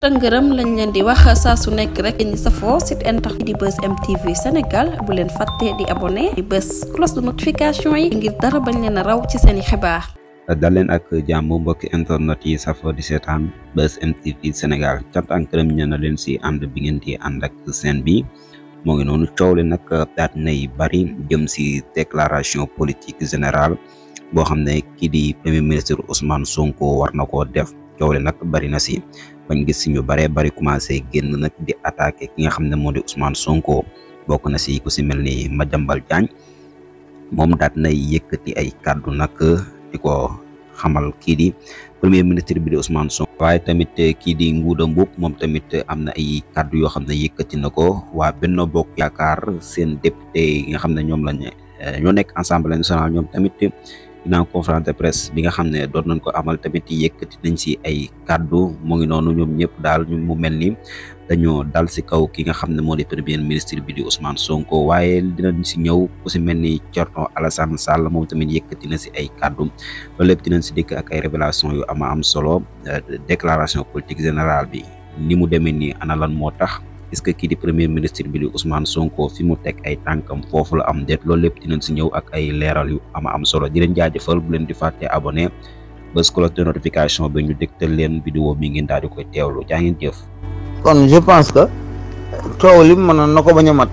tëngërëm lañ leen di wax saa su nekk rek safoo site internet di bus mtv Senegal bu leen fàtte di abonné di bës cloche de notification yi ngir dara bañ leen a raw ci seeni xibaar dal leen ak jàmm mbokki internet yi safoo di seetaan mtv Senegal cant ak gërëm ñe na leen si ànd bi ngeen di ànd ak seen bi moo ngi noonu coow nag daat nay bari jëm si déclaration politique générale boo xam ne di premier ministre ousmane sonko war na koo def coow leen nag bari na si bañ gis si ñu baree bari commencé génn nag di attaque ki nga xam ne moo di Ousmane Sonko bokk na si ku si mel ni Madiambal Diagne moom daat nay yëkkati ay kàddu nag di ko xamal kii di premier ministre bi di Ousmane Sonko waaye tamit kii di Ngouda Mboup moom tamit am na ay kaddu yoo xam ne yëkkati na ko waa Benno Bokk Yaakaar seen député yi nga xam ne ñoom lañ eh, ñoo nekk Assemblée nationale ñoom tamit ginnaaw conférence de presse bi nga xam ne doon nañ ko amal tamit yëkkati nañ si ay kàddu moo ngi noonu ñoom ñëpp daal mu mel ni dañoo daal si kaw ki nga xam ne moo di premier ministre bi di Ousmane Sonko waaye dina si ñëw ku si mel ni Thierno Alassane Sall moom tamit yëkkati na si ay kàddu loolu lépp dinañ si dikk ak ay révélation yu ama am solo euh, déclaration politique générale bi ni mu demee nii ana lan moo tax. est que kii di premier ministre bi di Ousmane Sonko fi mu teg ay tànkam foofu la am déet loolu lépp dinañ si ñëw ak ay leeral yu ama am solo di jaa jaajëfal bu leen di fàtte abonné bés cloche de notification bi ñu dégtal leen vidéo bi ngeen daal di koy teewlu jaa ngeen jëf. kon je pense que coow li mënoon na ko bañ a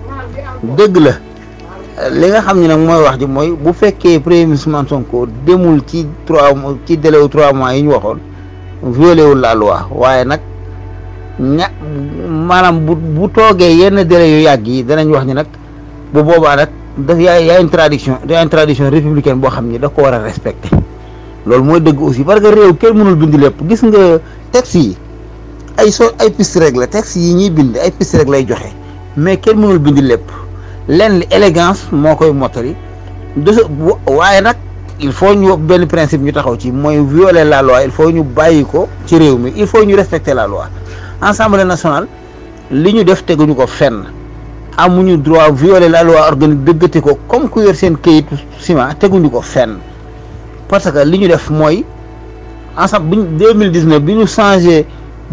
dëgg la li nga xam ne nag mooy wax ji mooy bu fekkee premier ministre Ousmane Sonko demul ci trois ci délai wu trois mois yi ñu waxoon violé wul la waaye nag. ña maanaam bu bu toogee yenn délai yu yàgg yi danañ wax ni nag bu boobaa nag daf yaa yaa une tradition yaa une tradition républicaine boo xam ni da ko war a respecté loolu mooy dëgg aussi parce que réew kenn mënul bind lépp gis nga texte yi ay so ay piste rek la texte yi ñuy bind ay piste rek lay joxe mais kenn mënul bind lépp lenn élégance moo koy mottali de waaye nag il faut ñu benn principe ñu taxaw ci mooy violer la loi il faut ñu bàyyi ko ci réew mi il faut ñu respecter la assemblée nationale li ñu def teguñu ko fenn amuñu droit violer la loi organique dëggate ko comme ku seen këyitu ciment teguñu ko fenn parce que li ñu def mooy ensemble biñ deux mille dix neuf bi ñu changé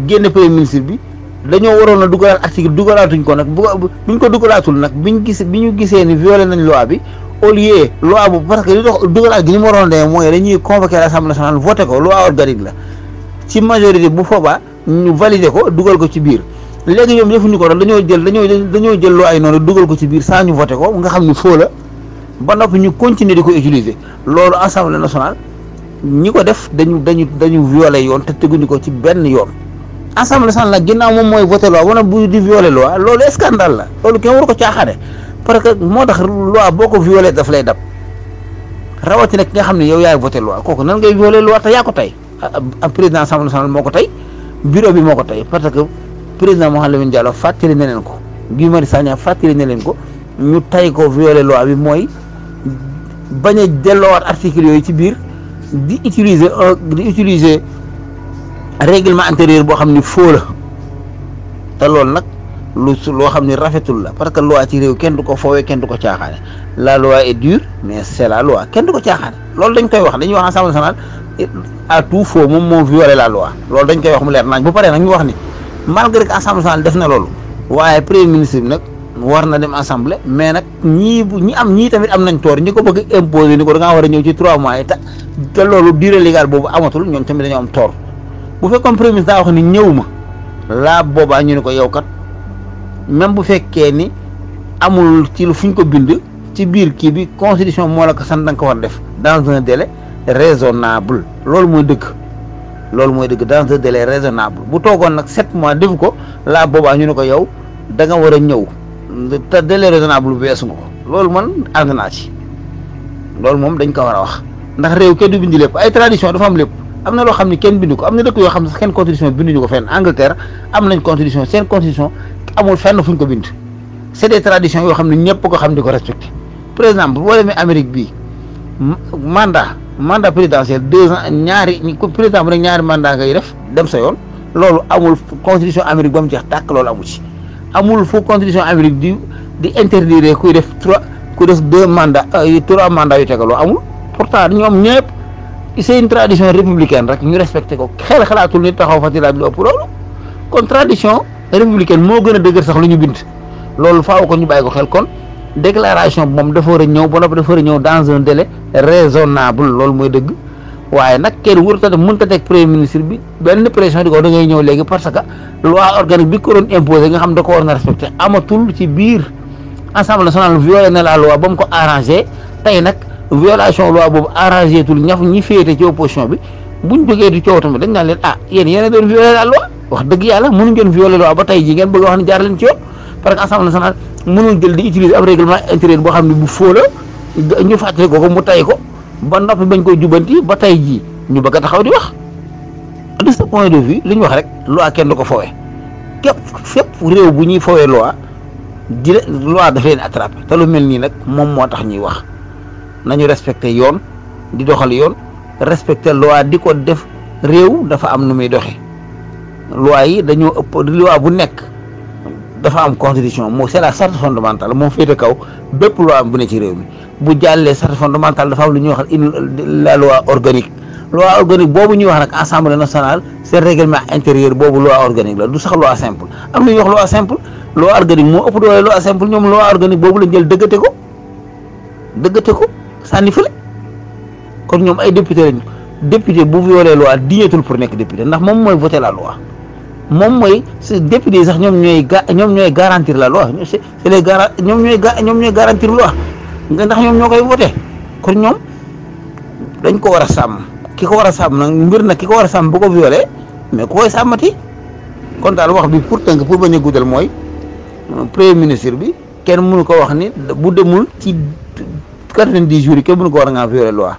génn premier ministre bi dañoo waroon a dugalaat article dugalaatuñ ko nag bu buñ ko dugalaatul nag bi ñu gisee bi ñu gisee ni violé nañ loi bi au lieu loi bu parce que li tax dugalaat gi ni mu waroon a demee mooy dañuy convoqué l'assemblée nationale voté ko loi la ci majorité bu foobaa. ñu valider ko dugal ko ci biir léegi ñoom defuñu ko doon dañoo jël dañoo dañoo jël loo ay noonu dugal ko ci biir saa ñu voté ko nga xam ni faux la ba noppi ñu continuer di ko utiliser loolu assemblée nationale ñi ko def dañu dañu dañu violer yoon te teguñu ko ci benn yoon. assemblée nationale nag ginnaaw moom mooy voté loi wala bu di violer loi loolu scandale la loolu kenn war ko caaxaane parce que moo tax loi boo ko violer daf lay dab rawatina ki nga xam ne yow yaay voté loi kooku nan ngay violer loi te yaa ko tey ab ah, ah, président assemblée nationale moo ko tey. bureau bi moo ko tey parce que président Mouhamed Lamine Diallo fàttali na leen ko Guy Marius Sagna fàttali na leen ko ñu tay ko violé loi bi mooy bañ a delloowaat article yooyu ci biir di utiliser euh, di utiliser règlement intérieur boo xam ni faux la te loolu nag lu loo xam ni rafetul la parce que loi ci réew kenn du ko foowee kenn du ko caaxaane la loi est dure mais c'est la loi kenn du ko caaxaane loolu dañ koy wax dañuy wax assemblée nationale à tout faux moom moo violé la loi loolu dañ koy wax mu leer nañ bu paree nag ñu wax ni malgré que assemblée nationale def na loolu waaye premier ministre bi nag war na dem assemblée mais nag ñii ñi am ñii tamit am nañ toor ñi ko bëgg imposer ni ko da war a ñëw ci trois mois yi te te loolu durée légale boobu amatul ñoom tamit dañoo am toor bu fekkoon premier ministre daa wax ni ñëw ma laa boobaa ñu ne ko yow kat même bu fekkee ni amul ci lu fuñ ko bind ci biir kii bi constitution moo la ko sant da nga ko def dans un raisonnable c'est ce dans un délai raisonnable bu on a 7 mois def ko laa ko yow da nga C'est ce délai raisonnable ce man ce ci du ay tradition dafa am bindu ko constitution ko fenn Angleterre am nañ constitution seen constitution amul fenn fu ko bind c'est des traditions yo ne ko ko par exemple l'Amérique mandat mandat présidentiel deux ans ñaari ku président bu ñaari mandat ngay def dem sa yoon loolu amul constitution Amérique ba mu jeex tàkk loolu amu ci amul fu constitution Amérique di di interdire kuy def trois ku def deux mandats euh, trois mandats yu tegaloo amul pourtant ñoom ñëpp c'est une tradition républicaine rek ñu respecté ko xel xalaatul nit taxaw fa ci laaj lu ëpp loolu kon tradition républicaine moo gën a dëgër sax lu ñu bind loolu faaw ko ñu bàyyi ko xel kon. déclaration bi moom dafa war a ñëw ba noppi dafa war a ñëw dans un délai raisonnable loolu mooy dëgg waaye nag kenn wër ta mën ta teg premier ministre bi benn pression di que loi organique bi xam da ko war na respecté amatul ci biir assemblée nationale violé na la loi ba mu ko arrangé tey nag violation loi boobu arrangé bi buñ di coow ah a doon violé la loi wax dëgg yàlla mënu ngeen violé loi ba tey ji ngeen bëgg wax leen ci yoon parce que assemblée nationale mënul jël di utiliser am règlement intérieur boo xam ne bu fóo la ñu fàttali ko ko mu tay ko ba noppi bañ koy jubanti ba tay jii ñu bëgg a taxaw di wax de point de vue li ñu wax rek loi kenn du ko fowee képp fépp réew bu ñuy fowee loi di loi daf leen attrapé te lu mel nii nag moom moo tax ñuy wax nañu respecté yoon di doxal yoon respecté loi di ko def réew dafa am nu muy doxe loi yi dañoo ëpp loi bu nekk dafa am constitution moo c'est la charte fondamentale moo féete kaw bépp loi am bu ne ci réew mi bu jàllee charte fondamentale dafa am lu ñuy wax une la loi organique loi organique boobu ñuy wax nag assemblée nationale c'est règlement intérieur boobu loi organique la du sax loi simple am na ñuy wax loi simple loi organique moo ëpp doole loi simple ñoom loi organique boobu lañ jël dëggate ko dëggate ko sànni fële kon ñoom ay député lañ député bu violer loi diñeetul pour nekk député ndax moom mooy voter moom mooy si député sax ñoom ñooy ga ñoom ñooy garantir la loi c'est les gara ñoom ñooy ga ñoom ñooy garantir loi nga ndax ñoom ñoo koy voté kon ñoom dañ ko war a sàmm ki ko war a sàmm nag mbir nag ki ko war a sàmm bu ko violé mais ko koy sàmmati kon daal wax bi pour tënk pour ba a guddal mooy premier ministre bi kenn mënu ko wax ni bu demul ci quatre-vingt-dix jours yi kenn mënu ko war a ngaa violé loi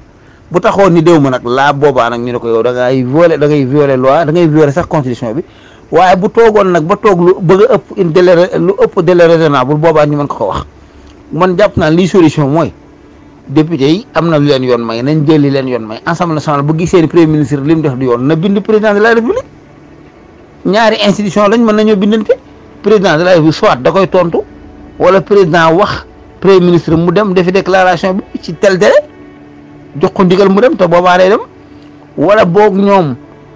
bu taxoon ni déw ma nag laa boobaa nag ñu ne ko yow da ngay violé da ngay violé loi da ngay sax constitution bi waaye bu toogoon nag ba toog lu bëgg ëpp une délai lu ëpp délai raisonnable boobaa ñu mën ko ko wax man jàpp naa lii solution mooy député yi am na lu leen yoon may nañ jëli leen yoon may assemblée nationale bu gisee ni premier ministre li mu def du yoon na bind président de la république ñaari institution lañ mën nañoo bindante président de bi soit da koy tontu wala président wax premier ministre mu dem defi déclaration bi ci tel délai jox ko ndigal mu dem te boobaa dem wala boog ñoom.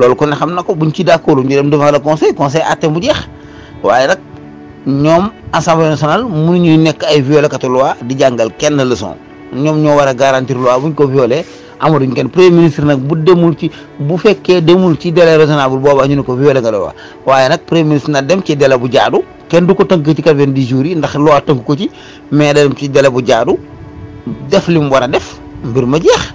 loolu kon ne xam na ko buñ ci d'accord ñu dem devant le conseil conseil àtte mu jeex waaye nag ñoom assemblée nationale ñuy nekk ay violekatu loi di jàngal kenn leçon ñoom ñoo war a garantir loi buñ ko violé amaduñ kenn premier ministre nag bu demul ci bu fekkee demul ci délai raisonnable booba ñu ne ko violé nga loi waaye nag premier ministre na dem ci délai bu jaadu kenn du ko tënk ci quatre-vingt-dix jours yi ndax loi tënk ko ci mais dem ci délai bu jaadu def li mu war a def mbir ma jeex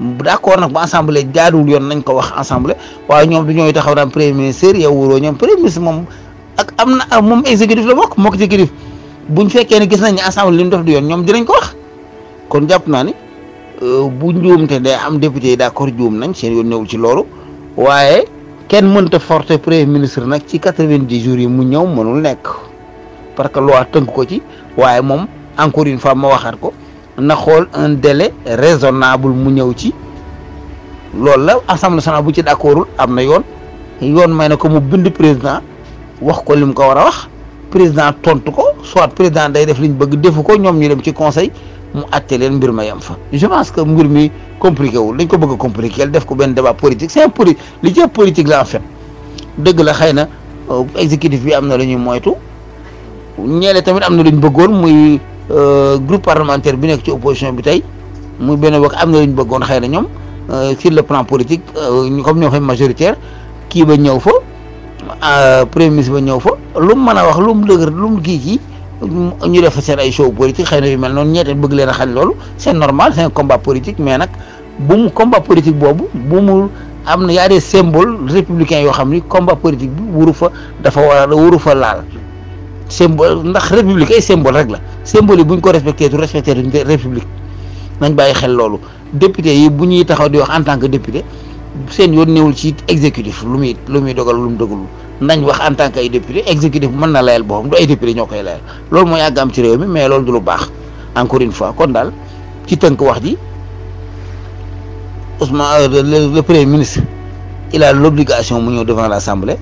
d'accord nag bu assemblée jaaduwul yoon nañ ko wax assemblée waaye ñoom du ñooy taxaw naan premier ministre yow wóoroo ñoom premier ministre moom ak am na ah, moom exécutif la bokk mook exécutif buñ fekkee ne gis nañ ne assemblée li mu def du yoon ñoom dinañ ko wax kon jàpp naa ni euh, bu njuumte day am député yi d'accord juum nañ seen yoon ñëwul ci loolu waaye kenn mënta forcer premier ministre nag ci quatre-vingt-dix jours yi mu ñëw mënul nekk parce que loi tënk ko ci waaye moom encore une fois ma waxaat ko na xool un délai raisonnable mu ñëw ci loolu la assemblée nationale bu ci d'accordul am na yoon yoon may na ko mu bind président wax ko li mu ko war a wax président tontu ko soit président day def liñ bëgg defu ko ñoom ñu dem ci conseil mu atte leen mbir ma yem fa. je pense que mbir mi compliqué wul dañ ko bëgg a compliqué def ko benn débat politique c'est poli li ci politique la en fait dëgg la xëy na euh, exécutif bi am na lu ñuy moytu ñeele tamit am na lu bëggoon muy. Euh, groupe parlementaire bi nekk ci opposition bi tey mu benn bokk am na lu ñu bëggoon xëy na ñoom euh, sur le plan politique euh, ñu comme ñoo fa majoritaire kii ba ñëw fa premier ministre ba ñëw fa lu mu mën a wax lu mu dëgër lu mu gii kii ñu def seen ay show politique xëy na yu mel noonu ñeete bëgg leen a loolu c'est normal c'est un combat politique mais nag bu mu combat politique boobu bu mu am na yaa des symbole républicain yoo xam ni combat politique bi wuru fa dafa war a wuru fa laal symbole ndax république ay symbole rek la symbole buñ ko respecté tu respecté république nañ bàyyi xel lolu député yi bu ñuy taxaw di wax en tant que député sen yoon néewul ci exécutif lumuy lumuy lu muy dogal lu mu dogalul nañ wax en tant que ay député exécutif mën na layel boppam do ay député ñokay layel lolu mo mooy am ci rew mi mais lolu du lu bax encore une fois kon dal ci teunk wax di Ousmane euh, le premier ministre il a l'obligation mu ñëw devant l'Assemblée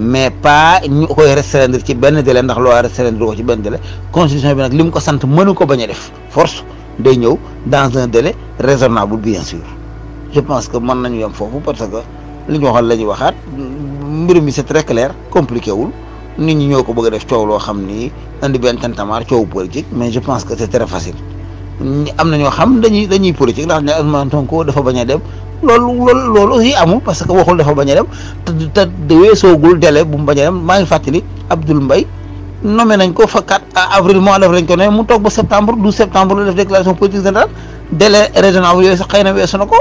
mais pas ñu koy restreindre ci benn délai ndax loo restreindre ko ci benn délai constitution bi nag li mu ko sant mënu ko bañ a def force day ñëw dans un délai raisonnable bien sûr je pense que mën nañu yem foofu parce que li ñu waxal la ñuy waxaat mbir mi c'est très clair compliqué wul nit ñi ñëw ko bëgg a def coow loo xam ni indi benn tantamar coow politique mais je pense que c'est très facile am na ñoo xam dañuy dañuy politique ndax Ousmane Sonko dafa bañ a dem loolu loolu loolu aussi amul parce que waxul dafa bañ a dem te te weesoogul délai bu mu bañ a dem maa ngi fàttali Abdoul Mbaye nommé nañ ko fa 4 avril mois d'avril lañ ko nommé mu toog ba septembre septembre la def déclaration politique yooyu sax xëy na weesu na ko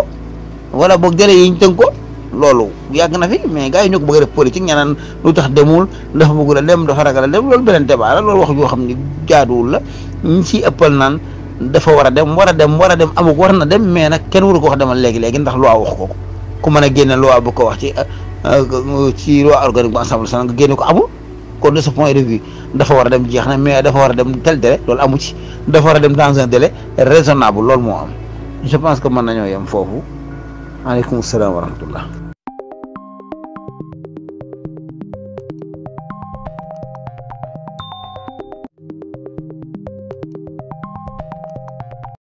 wala boog délai yi ñu tënk ko loolu yàgg na fi mais gars yi ñu ko bëgg a naan lu tax demul dafa bëggul a dem dafa ragal a dem loolu beneen débat la loolu wax joo xam ne jaaduwul la ñu ciy ëppal naan. dafa war a dem war a dem war a dem amuk war na dem mais nag kenn waru ko wax demal léegi-léegi ndax loi wax ko ko ku mën a génne loi bu ko wax ci euh, euh, ci loi organique bu assemblée nationale nga génne ko amul kon de ce point de vue dafa war a dem jeex na mais dafa war a dem tel délai loolu amu ci dafa war a dem dans un délai raisonnable loolu moo am je pense que mën nañoo yem foofu aleykum salaam wa